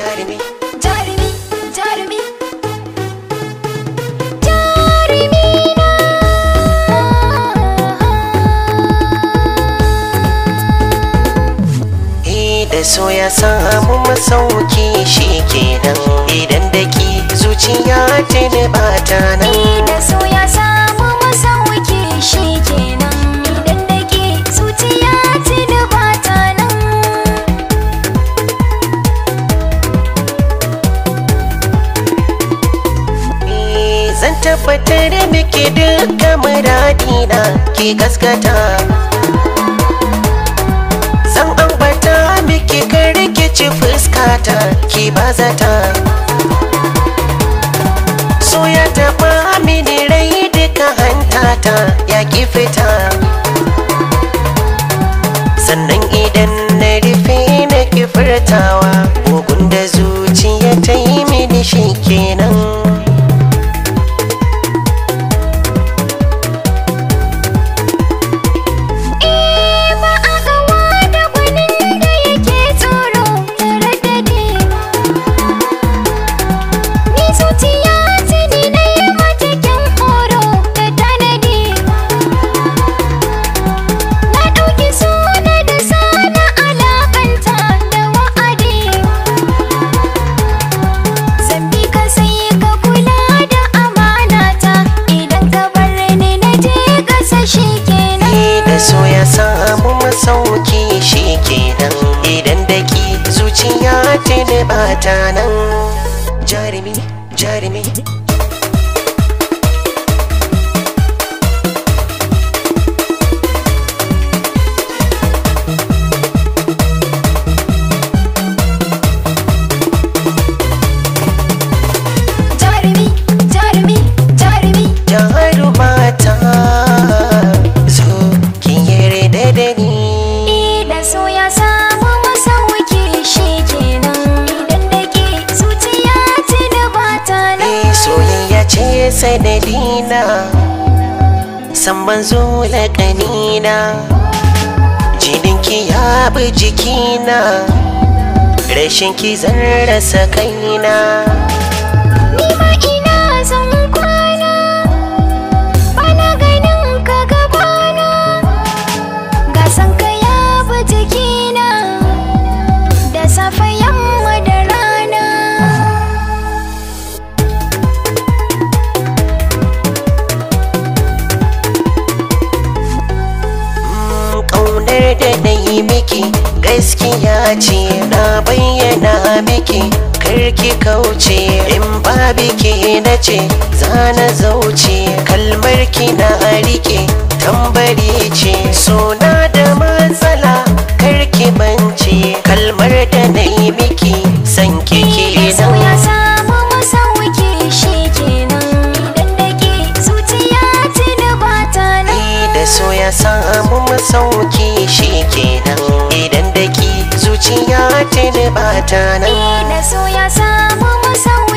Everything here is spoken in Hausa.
jarumi na. jarumi da so ya samu masauki shi kenan idan da ki zuciya ce ne ba ta nan zan tabbatar miki duka muradina ki gaskata zan ambata miki ci fuskata ki bazata so ya taba mini rai duka hantata ya ki fita sannan idan na rufe na ki furtawa bugun da zuciya ta yi mini shi kenan ne bata nan jarumi jarumi dina, san ban zo laƙanina jininki ya bi jikina rashin ki zan rasa kaina da na miki gaskiya ce na bayyana miki karki kauce in ba biki na ce zana zauce kalmar ki na rike tambari ce suna da matsala karki bance kalmar da na miki san ki ki na samu masauki shi ke nan idan da ki zuciya ta ba ta nan eh, na so ya samu masauki